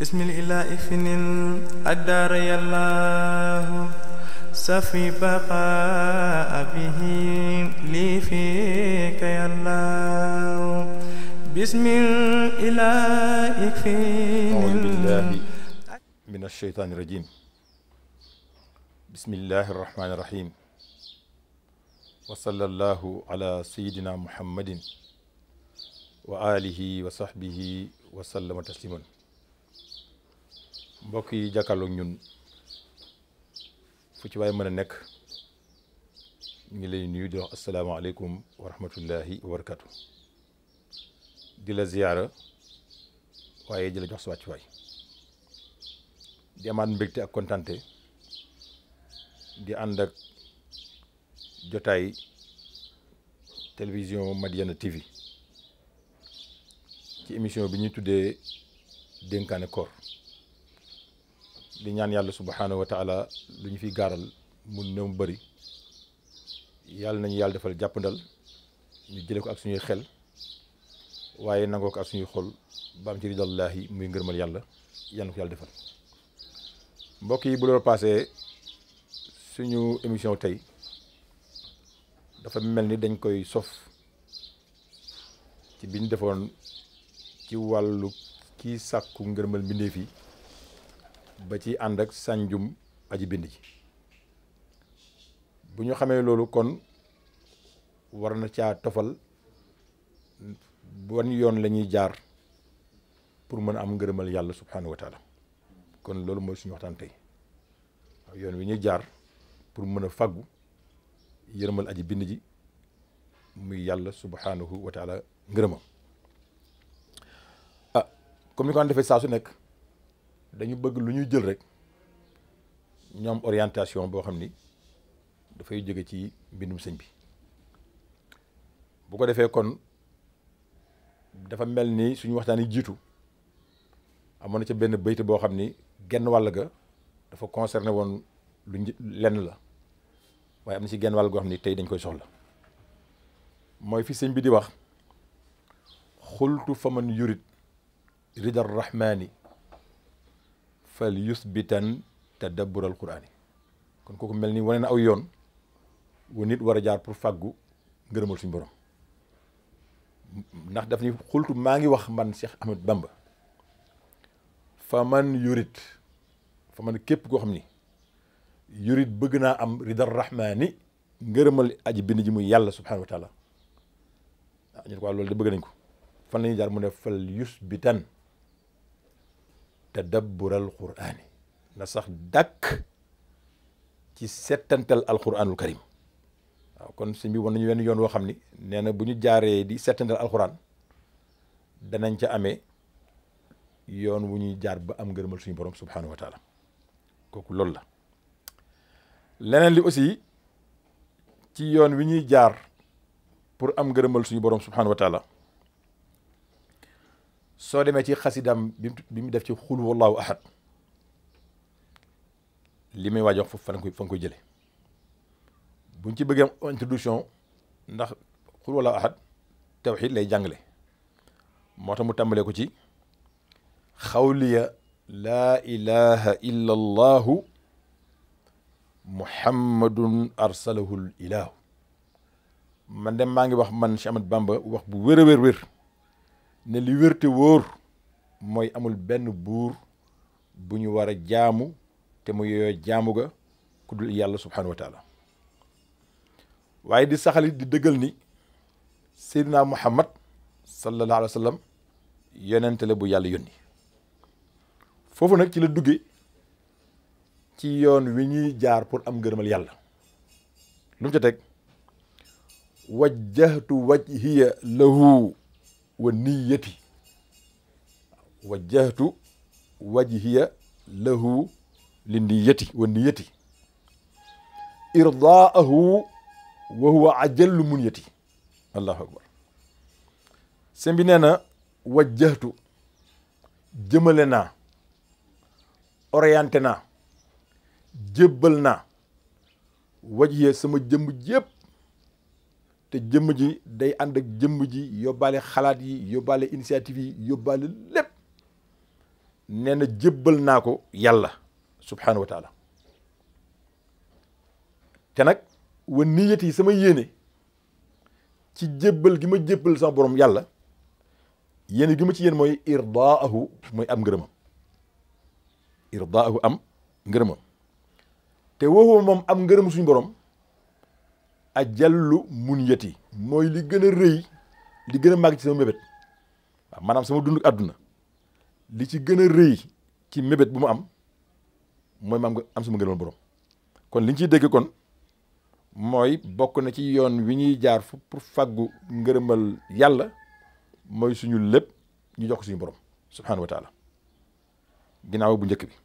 بسم الله إفن الدار يالله سفي بقاء به لي فيك يالله بسم الله إفن أعوذ بالله من الشيطان الرجيم بسم الله الرحمن الرحيم وصلى الله على سيدنا محمد وآله وصحبه وسلم تسليما mbokk yi jàkkaarloog ñun fu ci waay mën a nekk ñu ngi lay nuyu di wax asalaamaaleykum wa barakaatu di la ziyaara waaye di la jox sa wàccuwaay di amaat mbégte ak kontante di ànd ak jotaay télévision Madiyana TV ci émission bi ñuy tuddee dénkaane koor di ñaan yàlla subhaanahu wa taala lu ñu fiy gaaral mun ne mu bari yàlla nañu yàlla defal jàppandal ñu jële ko ak suñuy xel waaye nangoo ko ak suñuy xol ba am ci ridallahi muy ngërmal yàlla yàlla na ko yàlla defal mbokk yi bu loolu paasee suñu émission tey dafa mel ni dañ koy sof ci bi ñu defoon ci wàllu kii sàkku ngërmal mbindeef yi ba ci ànd ak sànjum aji bind ji bu ñu xamee loolu kon war na caa tofal ban yoon lañuy jaar pour mën a am ngërëmal yàlla subhanahu wa kon loolu mooy suñu waxtaan tey yoon wi ñuy jaar pour mën a fàggu yërëmal aji bind ji muy yàlla subhanahu wa taala ngërëmam ah comme ko daan defee saa su nekk dañu bëgg lu ñuy jël rek ñu orientation boo xam ni dafay jóge ci mbindum sëñ bi bu ko defee kon dafa mel ni suñu waxtaan yi jiitu amoon ca benn bayte boo xam ni genn wàll ga dafa concerné woon lu lenn la waaye am na ci genn wàll goo xam ni tey dañ koy soxla mooy fi sëñ bi di wax xultu faman yurid ridar rahmaani fal yusbitan tadabbural quraan kon kooku mel ni wane na aw yoon wu nit war a jaar pour fàggu ngërëmal suñu borom ndax daf ni xultu maa ngi wax man Cheikh Ahmed Bamba fa man yurit fa man képp koo xam ni yorit bëgg naa am ridar rahmaani ngërëmal aji bind ji muy yàlla subhanahu wa taala ah ñu ne ko loolu de bëgg nañ ko fan la ñuy jaar mu ne fal yusbitan tadabbural quraani na sax dàkk ci settantal alquranul karim waaw kon suñ bi wan nañu wenn yoon woo xam ni nee na bu ñu jaaree di settantal alquran danañ ca ame yoon wu ñuy jaar ba am ngërëmal suñu borom subhanahu wa kooku loolu la leneen li aussi ci yoon wi ñuy jaar pour am ngërëmal suñu borom subhanahu soo demee ci xasidam bi mu def ci xul wallahu ahad li muy waaj wax foofu fan koy fan koy jële buñ ci bëggee introduction ndax xul wallahu ahad tawxid lay jàngale moo tax mu tàmbalee ko ci xawliya laa ilaha illa allahu muhammadun arsalahul ilahu man dem maa ngi wax man Cheikh Ahmad Bamba wax bu wér a wér wér ne li wér wóor mooy amul benn buur bu ñu war a jaamu te mu yooyoo jaamu ku dul yàlla subhanahu wa waaye di saxali di dëggal ni seydina muhammad sallallahu alayhi wa sallam bu yàlla yónni foofu nag ci la dugge ci yoon wi ñuy jaar pour am ngërëmal yàlla lu mu ca teg wajjahtu wajhiya lahu والنية وجهت وجهي له للنية والنية إرضاءه وهو عجل منيتي الله أكبر سمبنانا وجهت جملنا أريانتنا جبلنا وجهي سمجم جب te jëm ji day ànd ak jëm ji yóbbaale xalaat yi yóbbaale initiative yi yóbbaale lépp nee na jébbal naa ko yàlla subhanahu wa taala te nag wa niyat yi sama yéene ci jébbal gi ma jébbal sama borom yàlla yéene gi ma ci yéen mooy irdaahu mooy am ngërëmam irdaahu am ngërëmam te woowu moom am ngërëm suñu borom ajallu mun yati mooy li gën a rëy li gën a màgg ci sama mébét waaw maanaam sama dund àdduna li ci gën a rëy ci mébét bu mu am mooy maam nga am sama ngërëmal borom kon li ñu ciy dégg kon mooy bokk na ci yoon wi ñuy jaar fu pour fàggu ngërëmal yàlla mooy suñu lépp ñu jox ko suñu borom subhaanahu wa ginnaaw bu njëkk bi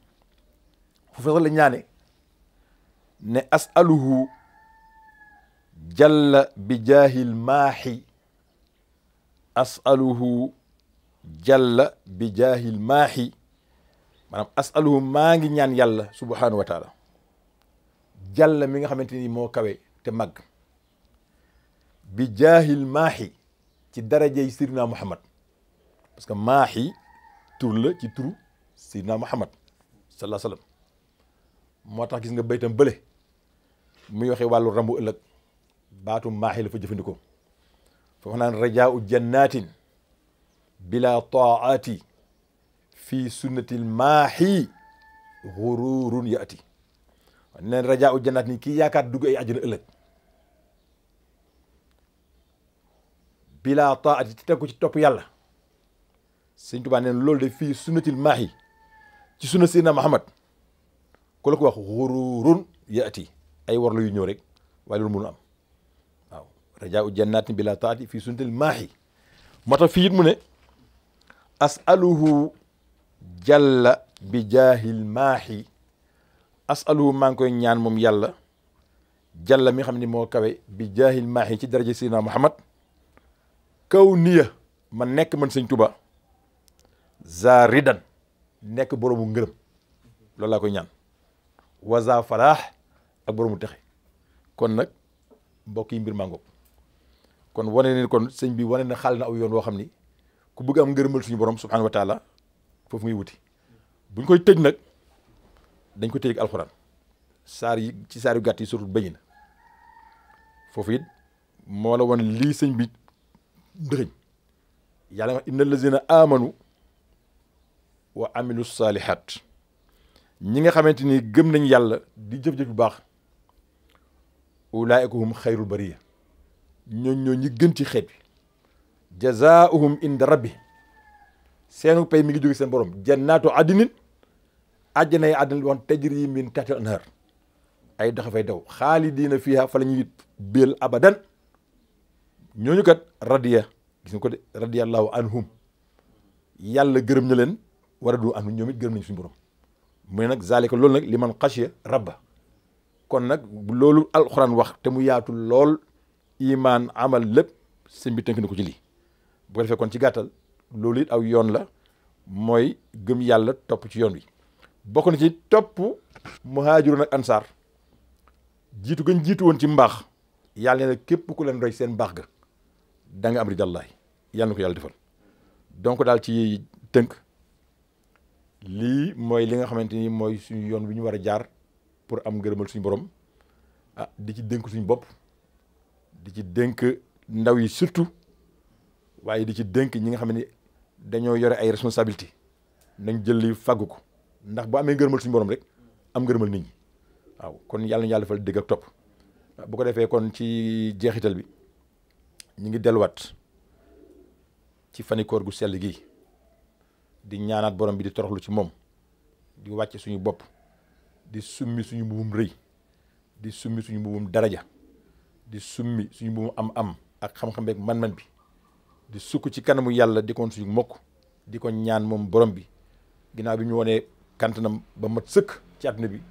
fu fa la ñaane ne asaluhu jalla bi jaahil maaxi asaluhu jalla bi jaahil maaxi maanaam asaluhu maa ngi ñaan yàlla subhanahu wa jalla mi nga xamante ni moo kawe te màgg bi jaahil maaxi ci darajey Seydina Muhammad parce que maaxi tur la ci turu Seydina Muhammad sallallahu alayhi moo tax gis nga baytam bële muy waxee wàllu rambu ëllëg baatu maaxi la fa jëfandikoo foofu naan rajaau jannatin bila taati fi sunnatil maaxi xururun yaati neen rajaau jannaat ni kii yaakaar dugg ay àjjana ëllëg bila taati te teg ci topp yàlla sëñ Tuubaa neen loolu de fii sunnatil maaxi ci sunna Seydina Muhammad ku la ko wax xururun yaati ay warla yu ñëw rek waaye loolu mënu am رجاء الجنات بلا تاتي في سنة الماحي متى في من أسأله جل بجاه الماحي أسأله ما نكون نيان مم يلا جل مي خمني مو كوي بجاه الماحي تي درجة سيدنا محمد كونية من نك من سنة توبا زاردا نك بروم غرم لولا كون نيان وزا فلاح أكبر متخي كون نك بوكي مبير مانغوب kon wone ne kon sëñ bi wone na xal na aw yoon woo xam ni ku bëgg am ngërëmal suñu borom subhanahu wa taala foofu muy wuti buñ koy tëj nag dañ ko tëj ak alxuraan saar yi ci saar yu gàtt yi surtout bañi na foofu it moo la won lii sëñ bi ndëxëñ yàlla wax inna allazina amanu wa amilu salihat ñi nga xamante ni gëm nañ yàlla di jëf-jëf bu baax ulaayika hum xayrul bariya ñooñ ñi gën ci xeet wi jazaahum seenu pay mi ngi seen borom jannaatu adnin àjjanay àddina woon tajri min tahtil ay doxe fay daw xaalidiina fiiha fa la ñooñu kat radiya gis nga ko de radiyallahu anhum yàlla gërëm na leen war a du anhum ñoom it gërëm nañ suñu borom mu ne nag zalika loolu nag liman xashiya rabba kon nag loolu alxuraan wax te mu yaatu lool imaan amal lépp sëñ bi tënk na ko ci lii bu ko kon ci gàttal loolu it aw yoon la mooy gëm yàlla topp ci yoon wi bokk na ci topp muhaajiroon ak ansaar jiitu gën jiitu woon ci mbaax yàlla ne na képp ku leen roy seen mbaax ga da am ridallahi yàlla na ko yàlla defal donc daal ci tënk lii mooy li nga xamante ni mooy suñu yoon wi ñu war a jaar pour am ngërëmal suñu boroom ah di ci dénk suñu bopp di ci dénk ndaw yi surtout waaye di ci dénk ñi nga xam ni dañoo yore ay responsabilité nañ jël li fàggu ko ndax boo amee ngërëmal suñu borom rek am ngërëmal nit ñi waaw kon yàlla na yàlla defal dégg ak topp bu ko defee kon ci jeexital bi ñu ngi delluwaat ci fanikoor gu sell gi di ñaanaat borom bi di toroxlu ci moom di wàcce suñu bopp di summi suñu mbubum rëy di summi suñu mbubum daraja di summi suñu bu mu am am ak xam-xam beeg man-man bi di sukk ci kanamu yàlla di kon suñu mokk di kon ñaan moom borom bi ginnaaw bi ñu wonee kantanam ba mat sëkk ci àdduna bi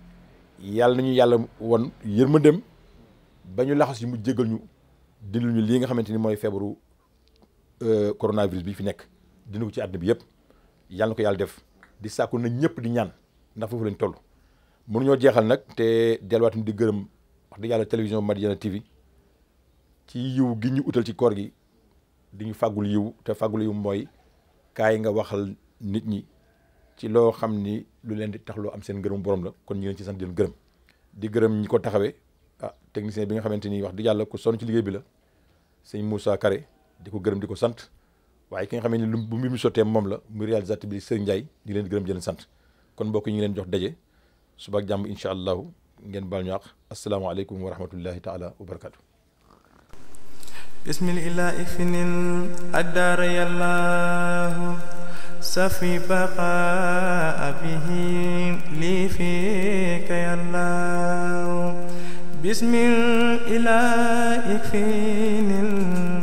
yàlla nañu yàlla won yërmandeem ba ñu yi mu jégal ñu dindil lii nga xamante ni mooy feebaru euh, coronavirus bi fi nekk dindi ko ci àdduna bi yëpp yàlla na ko yàlla def di sàkku na ñëpp di ñaan ndax foofu lañ toll mënuñoo jeexal nag te delluwaatuñ di gërëm wax dëgg yàlla télévision Madiyana TV ci yiw gi ñu utal ci koor gi di ñu fàggul yiw te fàggul yiw mooy kaay nga waxal nit ñi ci loo xam ni lu leen di tax loo am seen ngërëm borom la kon ñu leen ci sant di leen gërëm di gërëm ñi ko taxawee ah technicien bi nga xamante ni wax di yàlla ko sonn ci liggéey bi la sëñ Moussa Kare di ko gërëm di ko sant waaye ki nga xam ne lu mu sottee moom la muy bi Serigne Ndiaye di leen gërëm di sant kon mbokk yi ñu leen jox daje suba ak jàmm incha allahu ngeen baal ñu àq asalaamaaleykum wa rahmatullahi taala wa barakatu بسم الإله إفن الدار الله سفي بقاء به لي فيك يا الله بسم الإله إفن